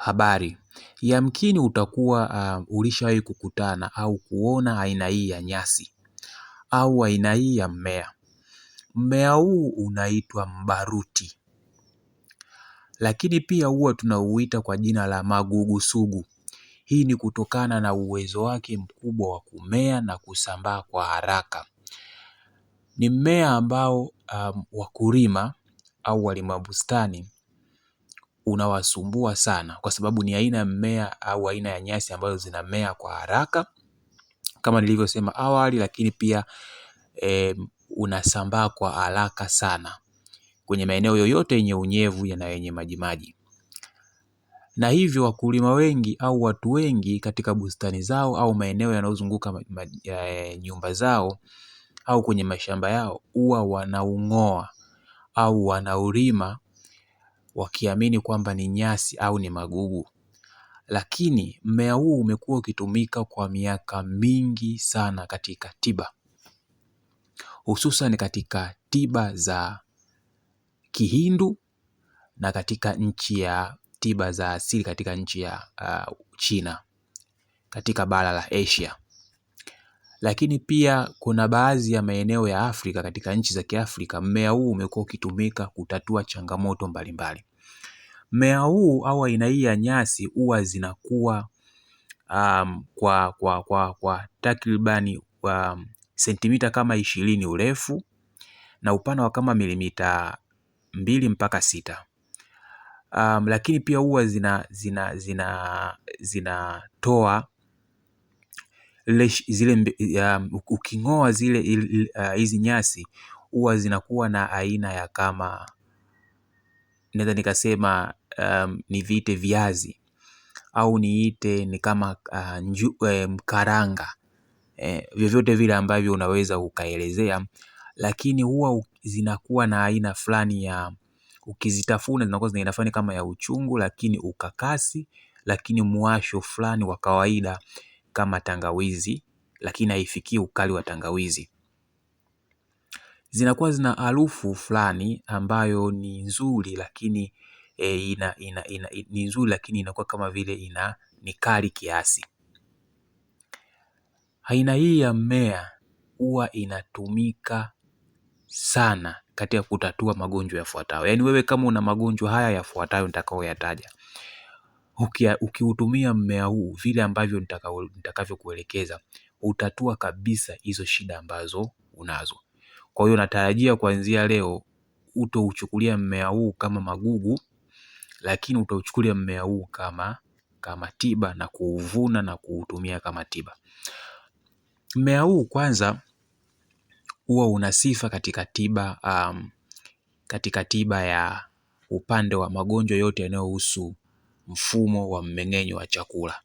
Habari, yamkini utakuwa uh, ulishawahi kukutana au kuona aina hii ya nyasi au aina hii ya mmea. Mmea huu unaitwa mbaruti, lakini pia huwa tunauita kwa jina la magugu sugu. Hii ni kutokana na uwezo wake mkubwa wa kumea na kusambaa kwa haraka. Ni mmea ambao um, wakulima au walima bustani unawasumbua sana, kwa sababu ni aina ya mmea au aina ya nyasi ambazo zinamea kwa haraka kama nilivyosema awali, lakini pia e, unasambaa kwa haraka sana kwenye maeneo yoyote yenye unyevu na yenye majimaji, na hivyo wakulima wengi au watu wengi katika bustani zao au maeneo yanayozunguka ya eh, nyumba zao au kwenye mashamba yao huwa wanaung'oa au wanaulima wakiamini kwamba ni nyasi au ni magugu. Lakini mmea huu umekuwa ukitumika kwa miaka mingi sana katika tiba, hususan katika tiba za Kihindu na katika nchi ya tiba za asili katika nchi ya uh, China katika bara la Asia. Lakini pia kuna baadhi ya maeneo ya Afrika katika nchi za Kiafrika, mmea huu umekuwa ukitumika kutatua changamoto mbalimbali. Mmea huu au aina hii ya nyasi huwa zinakuwa um, kwa, kwa, kwa, kwa takribani um, sentimita kama ishirini urefu na upana wa kama milimita mbili mpaka sita. Um, lakini pia huwa zina zina zina zinatoa zile um, uking'oa zile uh, hizi uh, nyasi huwa zinakuwa na aina ya kama naweza nikasema um, niviite viazi au niite ni kama uh, nju, eh, karanga eh, vyovyote vile ambavyo unaweza ukaelezea, lakini huwa zinakuwa na aina fulani ya ukizitafuna zinakuwa zina aina fulani kama ya uchungu, lakini ukakasi, lakini mwasho fulani wa kawaida kama tangawizi, lakini haifikii ukali wa tangawizi. Zinakuwa zina harufu fulani ambayo ni nzuri, lakini e, ina, ina, ina, ni nzuri lakini inakuwa kama vile ina ni kali kiasi. Aina hii ya mmea huwa inatumika sana katika kutatua magonjwa yafuatayo. Yaani wewe kama una magonjwa haya yafuatayo nitakayoyataja, ukiutumia mmea huu vile ambavyo nitakavyokuelekeza, utatua kabisa hizo shida ambazo unazo. Kwa hiyo natarajia kuanzia leo utouchukulia mmea huu kama magugu lakini utauchukulia mmea huu kama kama tiba na kuuvuna na kuutumia kama tiba. Mmea huu kwanza huwa una sifa katika tiba um, katika tiba ya upande wa magonjwa yote yanayohusu mfumo wa mmeng'enyo wa chakula.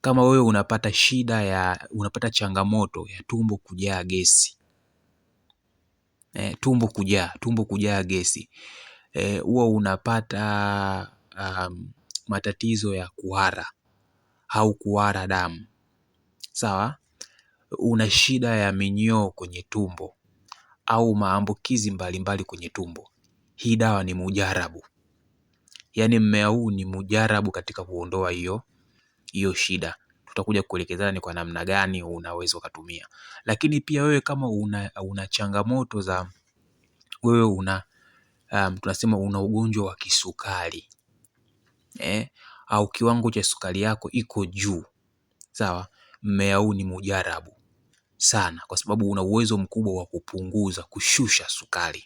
Kama wewe unapata shida ya unapata changamoto ya tumbo kujaa gesi eh, tumbo kujaa tumbo kujaa gesi, Eh, huwa unapata um, matatizo ya kuhara au kuhara damu. Sawa, una shida ya minyoo kwenye tumbo au maambukizi mbalimbali kwenye tumbo. Hii dawa ni mujarabu, yaani mmea huu ni mujarabu katika kuondoa hiyo hiyo shida. Tutakuja kuelekezana ni kwa namna gani unaweza ukatumia, lakini pia wewe kama una, una changamoto za wewe una um, tunasema una ugonjwa wa kisukari eh, au kiwango cha sukari yako iko juu sawa, mmea huu ni mujarabu sana, kwa sababu una uwezo mkubwa wa kupunguza, kushusha sukari.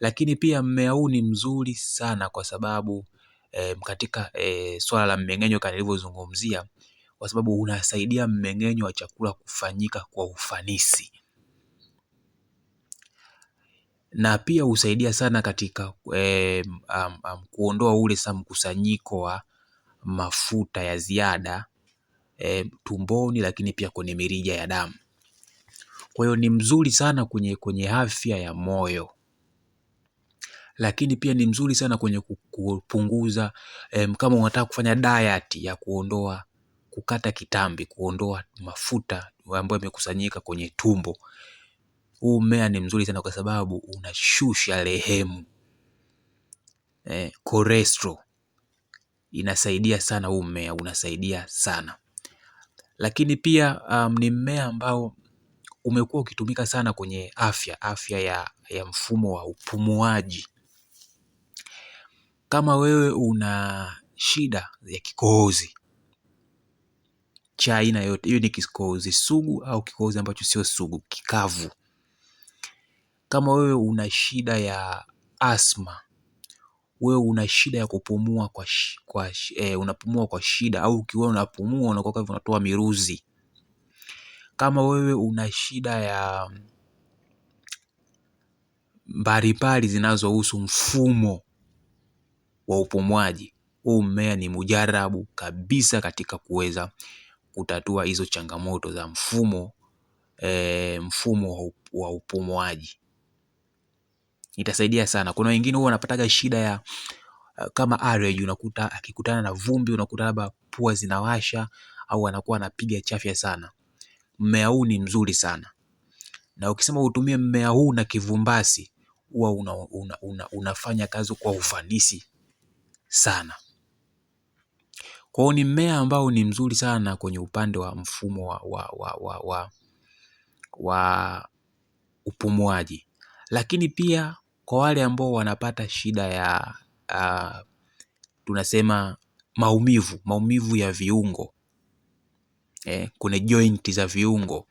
Lakini pia mmea huu ni mzuri sana kwa sababu e, katika e, swala la mmeng'enyo kama nilivyozungumzia, kwa sababu unasaidia mmeng'enyo wa chakula kufanyika kwa ufanisi na pia husaidia sana katika eh, um, um, kuondoa ule sa mkusanyiko wa mafuta ya ziada eh, tumboni, lakini pia kwenye mirija ya damu. Kwa hiyo ni mzuri sana kwenye, kwenye afya ya moyo, lakini pia ni mzuri sana kwenye kupunguza em, kama unataka kufanya diet ya kuondoa kukata kitambi, kuondoa mafuta ambayo yamekusanyika kwenye tumbo. Huu mmea ni mzuri sana kwa sababu unashusha rehemu eh, koresto inasaidia sana huu mmea unasaidia sana lakini pia um, ni mmea ambao umekuwa ukitumika sana kwenye afya afya ya, ya mfumo wa upumuaji. Kama wewe una shida ya kikohozi cha aina yote, hiyo ni kikohozi sugu au kikohozi ambacho sio sugu, kikavu, kama wewe una shida ya asma wewe una shida ya kupumua kwa, kwa, eh, unapumua kwa shida au ukiwa unapumua unakuwa kama unatoa miruzi. Kama wewe una shida ya mbalimbali zinazohusu mfumo wa upumuaji, huu mmea ni mujarabu kabisa katika kuweza kutatua hizo changamoto za mfumo, eh, mfumo wa upumuaji itasaidia sana. Kuna wengine huwa wanapataga shida ya eh, kama allergy, unakuta akikutana na vumbi, unakuta labda pua zinawasha au anakuwa anapiga chafya sana. Mmea huu ni mzuri sana, na ukisema utumie mmea huu na kivumbasi, huwa una, una, una, unafanya kazi kwa ufanisi sana. Kwa hiyo ni mmea ambao ni mzuri sana kwenye upande wa mfumo wa, wa, wa, wa, wa, wa upumuaji, lakini pia kwa wale ambao wanapata shida ya uh, tunasema maumivu, maumivu ya viungo eh, kuna joint za viungo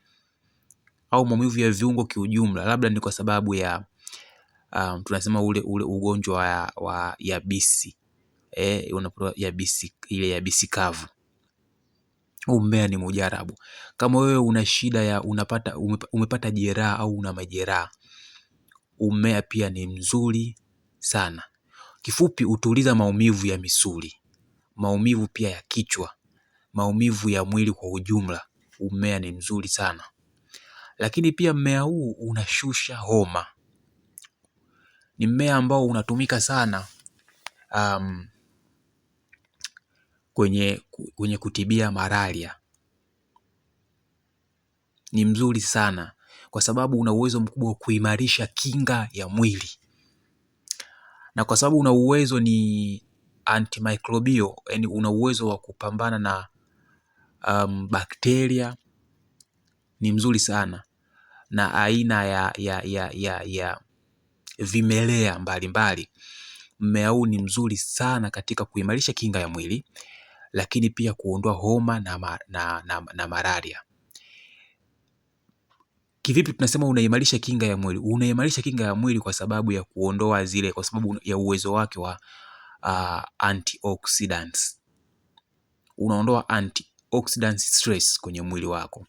au maumivu ya viungo kiujumla, labda ni kwa sababu ya um, tunasema ule ule ugonjwa wa, wa yabisi eh, unapata yabisi, ile yabisi kavu. Huu mmea ni mujarabu. Kama wewe una shida ya unapata umepata jeraha au una majeraha Umea pia ni mzuri sana. Kifupi hutuliza maumivu ya misuli, maumivu pia ya kichwa, maumivu ya mwili kwa ujumla. Umea ni mzuri sana. Lakini pia mmea huu unashusha homa. Ni mmea ambao unatumika sana um, kwenye, kwenye kutibia malaria. Ni mzuri sana kwa sababu una uwezo mkubwa wa kuimarisha kinga ya mwili, na kwa sababu una uwezo ni antimicrobial, yani una uwezo wa kupambana na um, bakteria. Ni mzuri sana na aina ya, ya, ya, ya, ya vimelea mbalimbali. Mmea huu ni mzuri sana katika kuimarisha kinga ya mwili, lakini pia kuondoa homa na, na, na, na malaria. Kivipi tunasema unaimarisha kinga ya mwili? Unaimarisha kinga ya mwili kwa sababu ya kuondoa zile, kwa sababu ya uwezo wake wa uh, antioxidants. Unaondoa antioxidant stress kwenye mwili wako.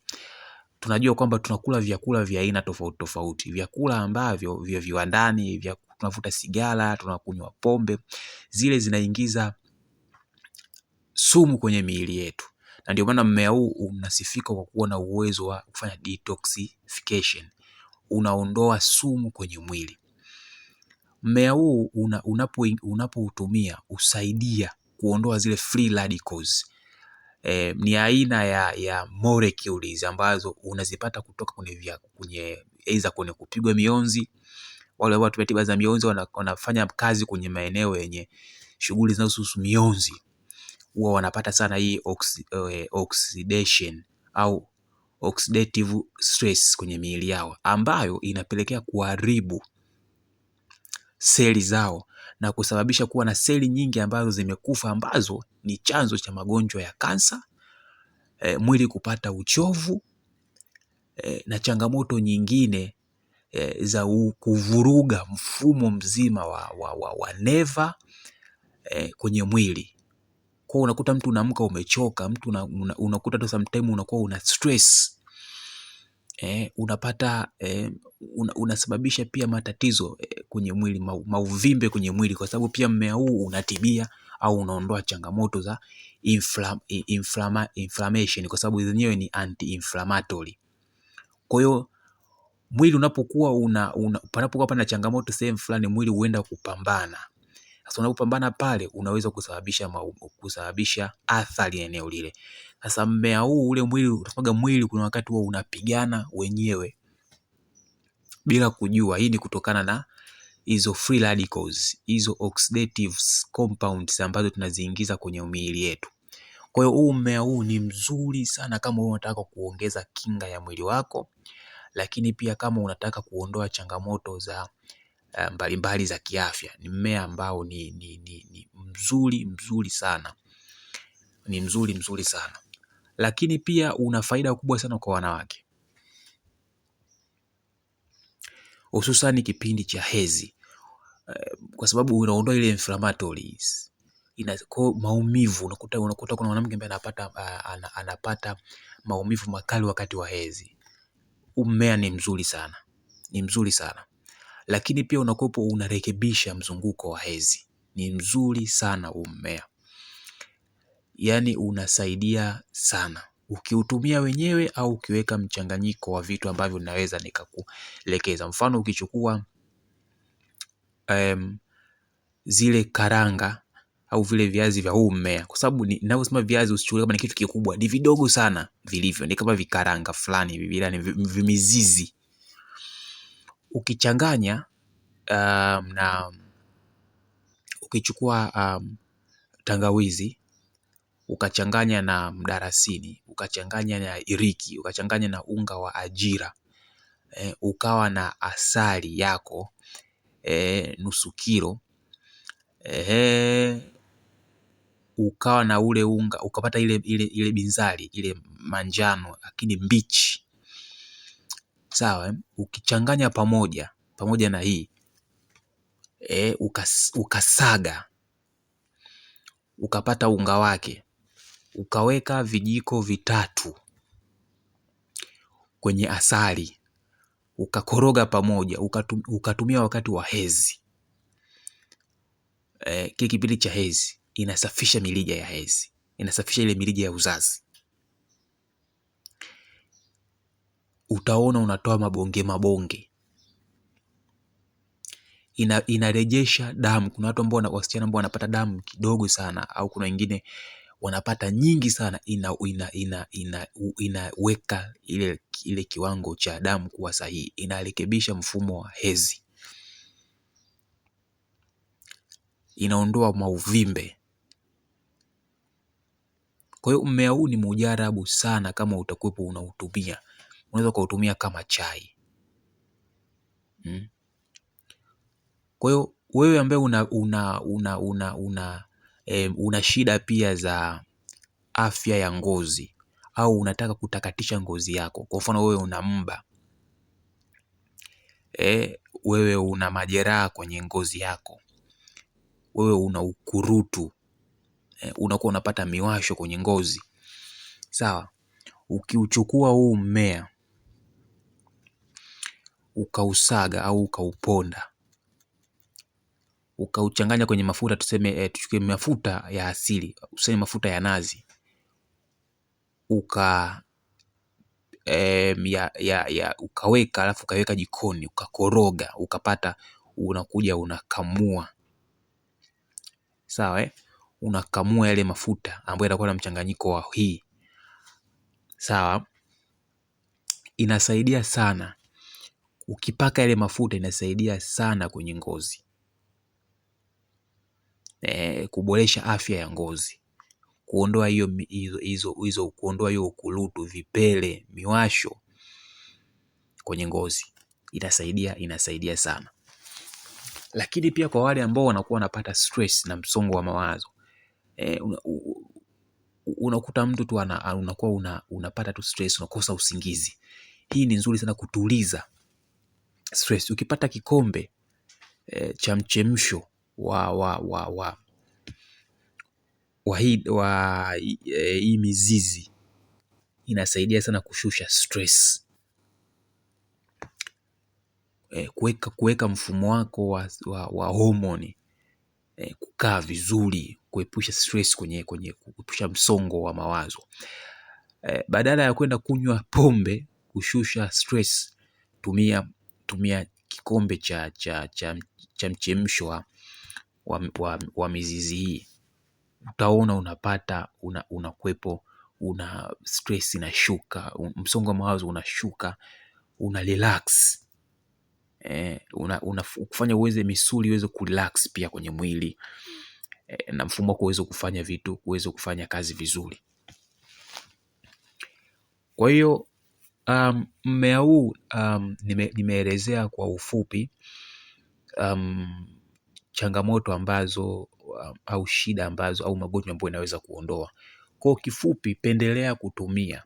Tunajua kwamba tunakula vyakula vya aina tofauti tofauti, vyakula ambavyo vya viwandani vya, tunavuta sigara, tunakunywa pombe, zile zinaingiza sumu kwenye miili yetu na ndio maana mmea huu unasifika kwa kuwa na uwezo wa kufanya detoxification, unaondoa sumu kwenye mwili. Mmea huu unapoutumia una husaidia kuondoa zile free radicals. E, ni aina ya, ya molecules ambazo unazipata kutoka kwenye kwenye aidha kwenye kupigwa mionzi. Wale watu wa tiba za mionzi wanafanya kazi kwenye maeneo yenye shughuli zinazohusu mionzi huwa wanapata sana hii oxi, eh, oxidation au oxidative stress kwenye miili yao ambayo inapelekea kuharibu seli zao na kusababisha kuwa na seli nyingi ambazo zimekufa ambazo ni chanzo cha magonjwa ya kansa, e, mwili kupata uchovu e, na changamoto nyingine e, za kuvuruga mfumo mzima wa, wa, wa, wa neva e, kwenye mwili. Kwa unakuta mtu unaamka umechoka, mtu una, una, unakuta tu sometime unakuwa una stress. Eh, unapata eh, una, unasababisha pia matatizo eh, kwenye mwili mauvimbe kwenye mwili kwa sababu pia mmea huu unatibia au unaondoa changamoto za inflama, inflama, inflammation kwa sababu zenyewe ni anti-inflammatory. Kwa hiyo mwili unapokuwa una, una, panapokuwa pana changamoto sehemu fulani, mwili huenda kupambana sasa unapopambana pale, unaweza kusababisha kusababisha athari eneo lile. Sasa mmea huu ule mwili unasemaga mwili kuna wakati huwa unapigana wenyewe bila kujua. Hii ni kutokana na hizo free radicals, hizo oxidative compounds ambazo tunaziingiza kwenye miili yetu. Kwa hiyo huu mmea huu ni mzuri sana kama wewe unataka kuongeza kinga ya mwili wako, lakini pia kama unataka kuondoa changamoto za Eh, mbalimbali za kiafya. Ni mmea ambao ni, ni, ni, ni mzuri mzuri sana, ni mzuri mzuri sana, lakini pia una faida kubwa sana kwa wanawake, hususani kipindi cha hezi eh, kwa sababu unaondoa ile inflammatories inako maumivu. Unakuta, unakuta kuna mwanamke ambaye anapata eh, anapata maumivu makali wakati wa hezi mmea ni mzuri sana, ni mzuri sana lakini pia unakuwepo unarekebisha mzunguko wa hedhi. Ni mzuri sana huu mmea, yaani unasaidia sana ukiutumia wenyewe au ukiweka mchanganyiko wa vitu ambavyo naweza nikakuelekeza. Mfano ukichukua um, zile karanga au vile viazi vya huu mmea, kwa sababu ninavyosema viazi usichukue kama ni kitu kikubwa, ni vidogo sana vilivyo, ni kama vikaranga fulani hivi, ni yaani vimizizi ukichanganya um, na ukichukua um, tangawizi ukachanganya na mdarasini ukachanganya na iriki ukachanganya na unga wa ajira e, ukawa na asali yako e, nusu kilo e, ukawa na ule unga ukapata ile, ile, ile binzari ile manjano lakini mbichi sawa, eh? ukichanganya pamoja pamoja na hii e, eh, ukas, ukasaga ukapata unga wake ukaweka vijiko vitatu kwenye asali ukakoroga pamoja ukatumia wakati wa hezi e, kile kipindi cha hezi inasafisha milija ya hezi, inasafisha ile milija ya uzazi. utaona unatoa mabonge mabonge, ina inarejesha damu. Kuna watu ambao wasichana ambao wanapata damu kidogo sana, au kuna wengine wanapata nyingi sana. Ina ina ina ina inaweka ile ile kiwango cha damu kuwa sahihi, inarekebisha mfumo wa hezi inaondoa mauvimbe. Kwa hiyo mmea huu ni mujarabu sana kama utakuwepo unautumia unaweza ukautumia kama chai hmm. Kwa hiyo wewe ambaye una una una una, una, e, una shida pia za afya ya ngozi au unataka kutakatisha ngozi yako, kwa mfano wewe una mba e, wewe una majeraha kwenye ngozi yako, wewe una ukurutu e, unakuwa unapata miwasho kwenye ngozi sawa. Ukiuchukua huu mmea ukausaga au ukauponda ukauchanganya kwenye mafuta tuseme e, tuchukue mafuta ya asili tuseme mafuta ya nazi uka e, ya, ya, ya, ukaweka alafu ukaweka jikoni ukakoroga ukapata unakuja unakamua sawa eh? unakamua yale mafuta ambayo yatakuwa na mchanganyiko wa hii sawa inasaidia sana ukipaka yale mafuta inasaidia sana kwenye ngozi e, kuboresha afya ya ngozi, kuondoa hiyo hizo hizo, kuondoa hiyo ukurutu, vipele, miwasho kwenye ngozi inasaidia, inasaidia sana. Lakini pia kwa wale ambao wanakuwa wanapata stress na msongo wa mawazo e, una, unakuta mtu tu unakuwa una, unapata tu stress, unakosa usingizi. Hii ni nzuri sana kutuliza stress. Ukipata kikombe e, cha mchemsho wa wa wa wa wa hii wa, e, mizizi inasaidia sana kushusha stress. E, kuweka kuweka mfumo wako wa, wa, wa homoni e, kukaa vizuri, kuepusha stress kwenye kwenye kuepusha msongo wa mawazo e, badala ya kwenda kunywa pombe kushusha stress, tumia tumia kikombe cha, cha, cha, cha mchemsho wa, wa, wa mizizi hii utaona unapata unakwepo una, stress inashuka, msongo wa mawazo unashuka, una relax eh, una, una kufanya uweze misuli uweze kurelax pia kwenye mwili eh, na mfumo wako uweze kufanya vitu uweze kufanya kazi vizuri. Kwa hiyo Um, mmea huu um, nime, nimeelezea kwa ufupi um, changamoto ambazo um, au shida ambazo au magonjwa ambayo inaweza kuondoa. Kwa kifupi, pendelea kutumia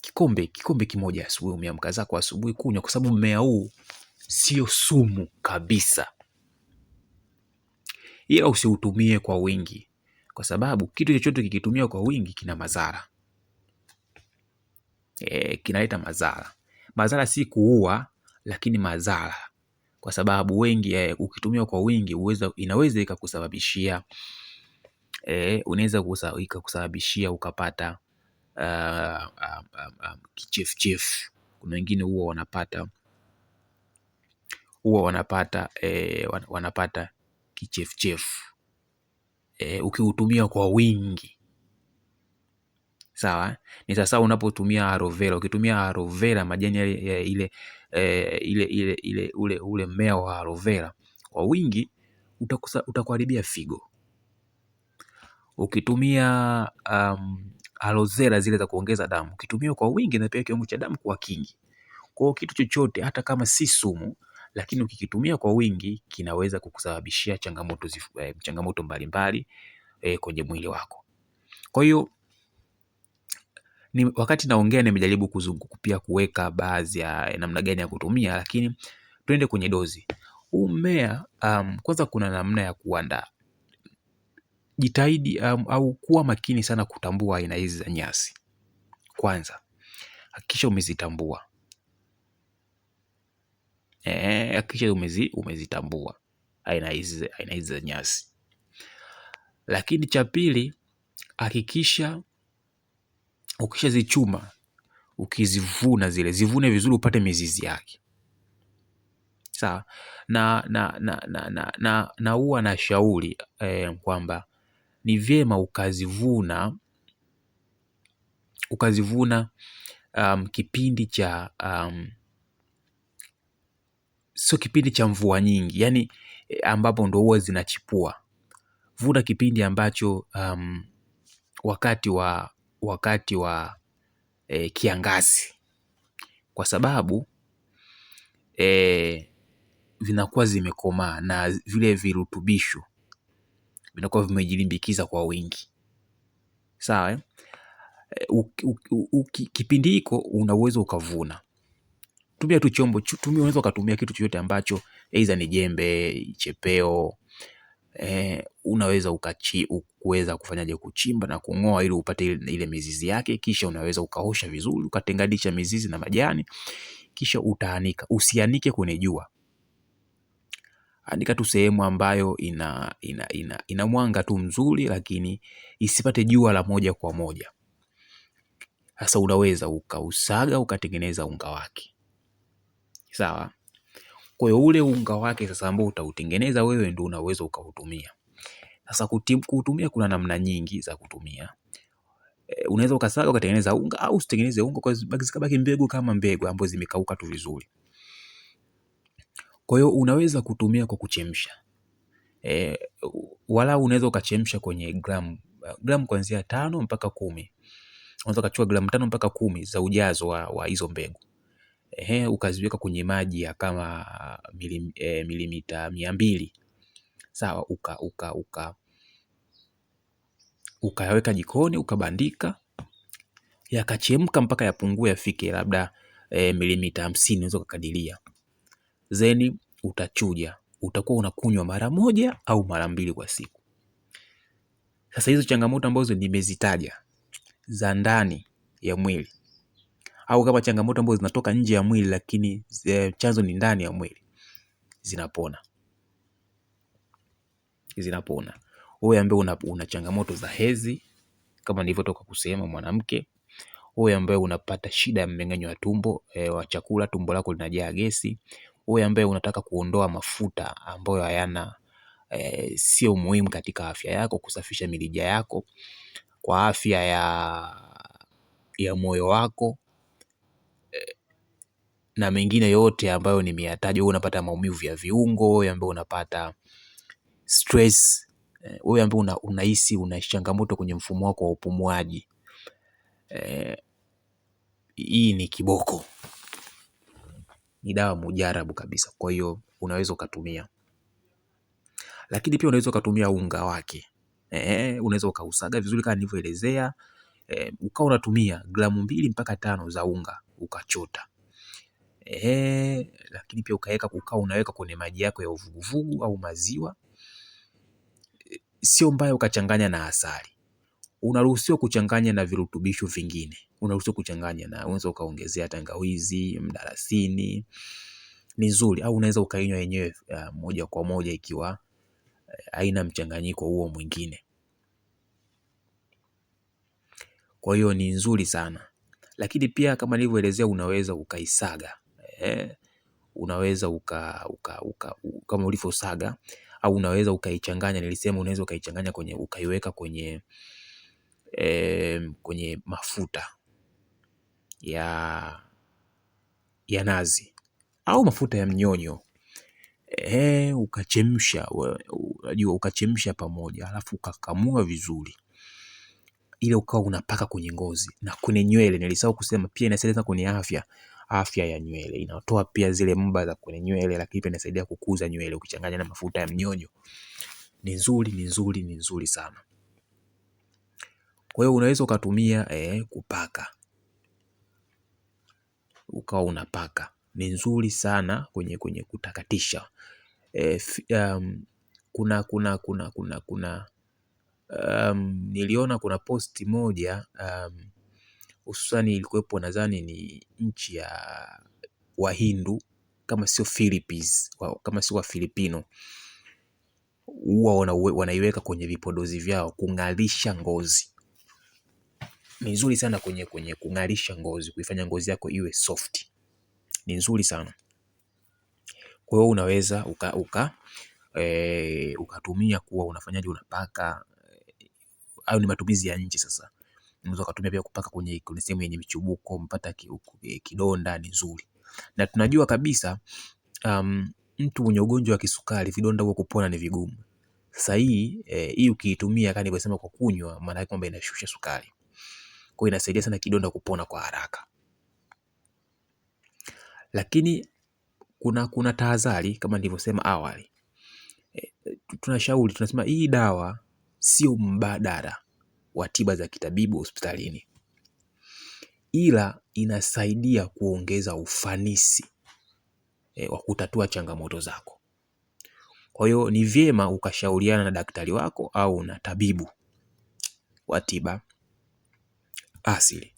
kikombe kikombe kimoja asubuhi, umeamka zako asubuhi, kunywa kwa sababu mmea huu sio sumu kabisa, ila usiutumie kwa wingi, kwa sababu kitu chochote kikitumia kwa wingi kina madhara e, kinaleta madhara. Madhara si kuua, lakini madhara kwa sababu wengi e, ukitumia kwa wingi uweza, inaweza ikakusababishia e, unaweza ikakusababishia ukapata uh, um, um, kichefuchefu. Kuna wengine huwa wanapata huwa wanapata e, wanapata kichefuchefu e, ukiutumia kwa wingi sawa ni sasa unapotumia aloe vera. Ukitumia aloe vera majani ile, ile eh, ile ile ile ule ule mmea wa aloe vera kwa wingi utakuharibia figo. Ukitumia um, aloe vera zile za kuongeza damu ukitumia kwa wingi, na pia kiwango cha damu kuwa kingi. Kwa kitu chochote hata kama si sumu, lakini ukikitumia kwa wingi kinaweza kukusababishia changamoto, eh, changamoto mbalimbali eh, kwenye mwili wako. Kwa hiyo ni, wakati naongea nimejaribu kuzunguka pia kuweka baadhi ya namna gani ya kutumia, lakini tuende kwenye dozi huu mmea. Um, kwanza kuna namna ya kuandaa. Jitahidi um, au kuwa makini sana kutambua aina hizi za nyasi. Kwanza hakikisha umezitambua eh, hakikisha umezi umezitambua aina hizi aina hizi za nyasi. Lakini cha pili hakikisha ukishazichuma ukizivuna zile zivune vizuri upate mizizi yake sawa na na na na na na, na huwa na shauri eh, kwamba ni vyema ukazivuna ukazivuna um, kipindi cha um, sio kipindi cha mvua nyingi yani eh, ambapo ndo huwa zinachipua vuna kipindi ambacho um, wakati wa wakati wa e, kiangazi kwa sababu e, vinakuwa zimekomaa na vile virutubisho vinakuwa vimejilimbikiza kwa wingi sawa eh? Kipindi hiko una uwezo ukavuna. Tumia tu chombo, tumia unaweza ukatumia kitu chochote ambacho aidha ni jembe, chepeo, eh, unaweza ukachi, kuweza kufanyaje kuchimba na kung'oa ili upate ile mizizi yake, kisha unaweza ukaosha vizuri ukatenganisha mizizi na majani, kisha utaanika. Usianike kwenye jua, andika tu sehemu ambayo ina, ina, ina, ina mwanga tu mzuri, lakini isipate jua la moja kwa moja. Sasa unaweza ukausaga ukatengeneza unga wake, sawa. Kwa hiyo ule unga wake sasa ambao utautengeneza wewe ndio unaweza ukautumia. Sasa kutumia, kuna namna nyingi za kutumia. E, unaweza ukasaga ukatengeneza unga au usitengeneze unga kwa zikabaki mbegu kama mbegu ambazo zimekauka tu vizuri. Kwa hiyo unaweza kutumia kwa kuchemsha. E, wala unaweza ukachemsha kwenye gramu gramu kuanzia tano mpaka kumi. Unaweza ukachukua gramu tano mpaka kumi za ujazo wa hizo mbegu. Ehe, ukaziweka kwenye maji ya kama milim, e, milimita mia mbili sawa, uka uka uka ukayaweka jikoni ukabandika, yakachemka mpaka yapungue yafike labda e, milimita hamsini unaweza ukakadiria, zeni utachuja. Utakuwa unakunywa mara moja au mara mbili kwa siku. Sasa hizo changamoto ambazo nimezitaja za ndani ya mwili au kama changamoto ambazo zinatoka nje ya mwili lakini eh, chanzo ni ndani ya mwili zinapona, zinapona. Wewe ambaye una, una changamoto za hezi kama nilivyotoka kusema mwanamke, wewe ambaye unapata shida ya mmeng'enyo wa tumbo e, wa chakula, tumbo lako linajaa gesi, wewe ambaye unataka kuondoa mafuta ambayo hayana e, sio muhimu katika afya yako, kusafisha mirija yako kwa afya ya ya moyo wako na mengine yote ambayo nimeyataja. Wewe unapata maumivu ya viungo, wewe ambaye unapata stress, eh, wewe ambaye unahisi una changamoto kwenye mfumo wako wa upumuaji. Eh, hii ni kiboko, ni dawa mujarabu kabisa. Kwa hiyo unaweza ukatumia, lakini pia unaweza ukatumia unga wake. eh, unaweza ukausaga vizuri kama nilivyoelezea. eh, ukawa unatumia gramu mbili mpaka tano za unga ukachota ehe, lakini pia ukaweka kukaa, unaweka kwenye maji yako ya uvuguvugu au maziwa. Sio mbaya ukachanganya na asali. Unaruhusiwa kuchanganya na virutubisho vingine, unaruhusiwa kuchanganya na, unaweza ukaongezea tangawizi, mdalasini, ni nzuri, au unaweza ukainywa yenyewe uh, moja kwa moja ikiwa eh, haina mchanganyiko huo mwingine. Kwa hiyo ni nzuri sana, lakini pia kama nilivyoelezea, unaweza ukaisaga Eh, unaweza uka, uka, uka, uka kama ulivyosaga au unaweza ukaichanganya, nilisema unaweza ukaichanganya kwenye ukaiweka kwenye eh, kwenye mafuta ya ya nazi au mafuta ya mnyonyo e, ukachemsha, unajua ukachemsha pamoja, alafu ukakamua vizuri ile ukawa unapaka kwenye ngozi na kwenye nywele. Nilisahau kusema pia inasaidia kwenye afya afya ya nywele, inatoa pia zile mba za kwenye nywele, lakini pia inasaidia kukuza nywele ukichanganya na mafuta ya mnyonyo. Ni nzuri, ni nzuri, ni nzuri sana. Kwa hiyo unaweza ukatumia eh, kupaka ukawa unapaka, ni nzuri sana kwenye kwenye kutakatisha eh, um, kuna kuna kuna kuna kuna um, niliona kuna posti moja um, hususani ilikuwepo nadhani ni nchi ya Wahindu kama sio Philippines, kama sio Wafilipino huwa wanaiweka kwenye vipodozi vyao kungalisha ngozi. Ni nzuri sana kwenye kwenye kungalisha ngozi, kuifanya ngozi yako iwe soft, ni nzuri sana. Kwa hiyo unaweza uka, uka e, ukatumia kuwa unafanyaje, unapaka. Hayo eh, ni matumizi ya nje sasa. Unaweza ukatumia pia kupaka kwenye sehemu yenye michubuko, mpata e, kidonda ni nzuri. Na tunajua kabisa um, mtu mwenye ugonjwa wa kisukari vidonda huwa kupona ni vigumu. Sasa hii eh, hii ukiitumia kani kusema kwa kunywa, maana yake kwamba inashusha sukari. Kwa inasaidia sana kidonda kupona kwa haraka. Lakini kuna kuna tahadhari kama nilivyosema awali. E, tunashauri tunasema hii dawa sio mbadala wa tiba za kitabibu hospitalini, ila inasaidia kuongeza ufanisi e, wa kutatua changamoto zako. Kwa hiyo ni vyema ukashauriana na daktari wako au na tabibu wa tiba asili.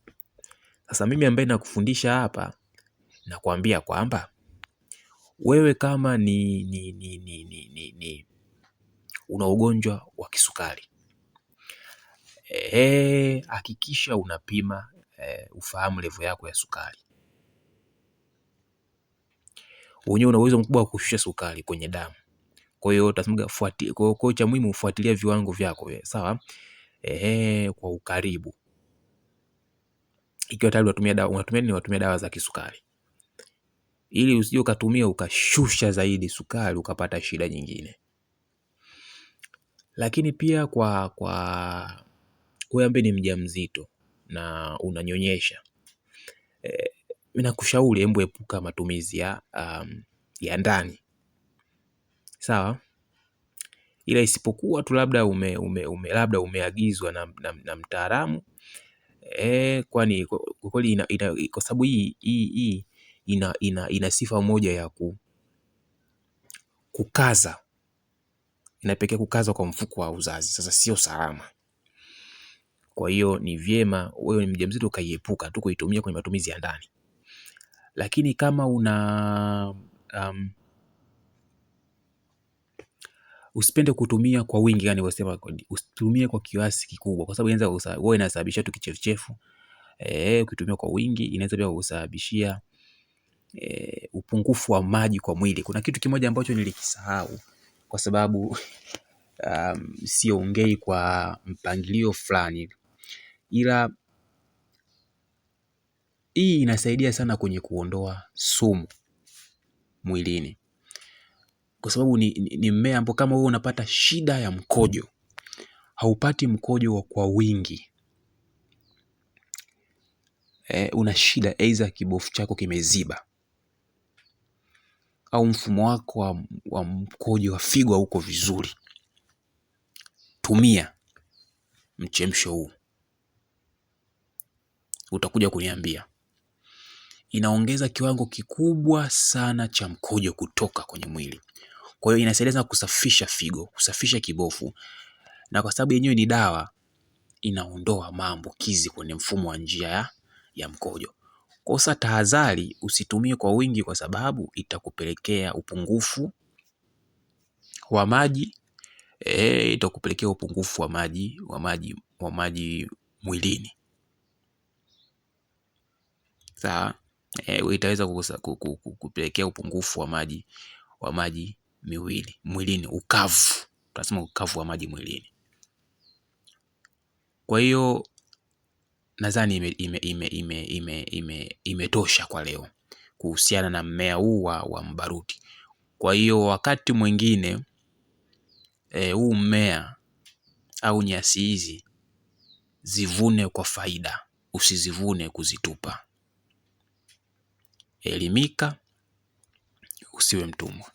Sasa mimi ambaye nakufundisha hapa nakwambia kwamba wewe kama ni, ni, ni, ni, ni, ni, ni una ugonjwa wa kisukari hakikisha hakikisha unapima e, ufahamu levo yako ya sukari. Wenyewe una uwezo mkubwa wa kushusha sukari kwenye damu. Kwa hiyo tasema fuati, kwa hiyo cha muhimu ufuatilia viwango vyako sawa, ehe, kwa ukaribu. Ikiwa tayari unatumia dawa, unatumia ni Unatumia dawa za kisukari ili usije ukatumia ukashusha zaidi sukari ukapata shida nyingine. Lakini pia kwa kwa wewe ni mjamzito na unanyonyesha e, nakushauri hebu epuka matumizi ya um, ya ndani sawa, ila isipokuwa tu labda ume, ume, ume, labda umeagizwa na, na, na mtaalamu e, kwani kwa kweli ina, ina, kwa sababu hii hii ina, ina, ina sifa moja ya ku, kukaza inapekea kukaza kwa mfuko wa uzazi. Sasa sio salama. Kwa hiyo ni vyema wewe ni mjamzito ukaiepuka tu kuitumia kwenye matumizi ya ndani. Lakini kama una um, usipende kutumia kwa wingi, yani wasema usitumie kwa kiasi kikubwa, kwa sababu inaweza wewe inasababisha tu kichefuchefu. Eh, ukitumia kwa wingi inaweza pia kusababishia e, upungufu wa maji kwa mwili. Kuna kitu kimoja ambacho nilikisahau kwa sababu um, siongei kwa mpangilio fulani ila hii inasaidia sana kwenye kuondoa sumu mwilini, kwa sababu ni, ni, ni mmea ambao kama wewe unapata shida ya mkojo, haupati mkojo kwa wingi e, una shida aidha kibofu chako kimeziba au mfumo wako wa, wa mkojo wa figo hauko vizuri, tumia mchemsho huu utakuja kuniambia. Inaongeza kiwango kikubwa sana cha mkojo kutoka kwenye mwili, kwa hiyo inasaidia kusafisha figo, kusafisha kibofu, na kwa sababu yenyewe ni dawa, inaondoa maambukizi kwenye mfumo wa njia ya, ya mkojo. Kosa tahadhari, usitumie kwa wingi, kwa sababu itakupelekea upungufu wa maji e, itakupelekea upungufu wa maji wa maji wa maji mwilini sawa e, eh, itaweza kupelekea upungufu wa maji wa maji miwili mwilini, ukavu, tunasema ukavu wa maji mwilini. Kwa hiyo nadhani imetosha ime, ime, ime, ime, ime kwa leo kuhusiana na mmea huu wa mbaruti. Kwa hiyo wakati mwingine e, huu mmea au nyasi hizi zivune kwa faida, usizivune kuzitupa elimika, usiwe mtumwa.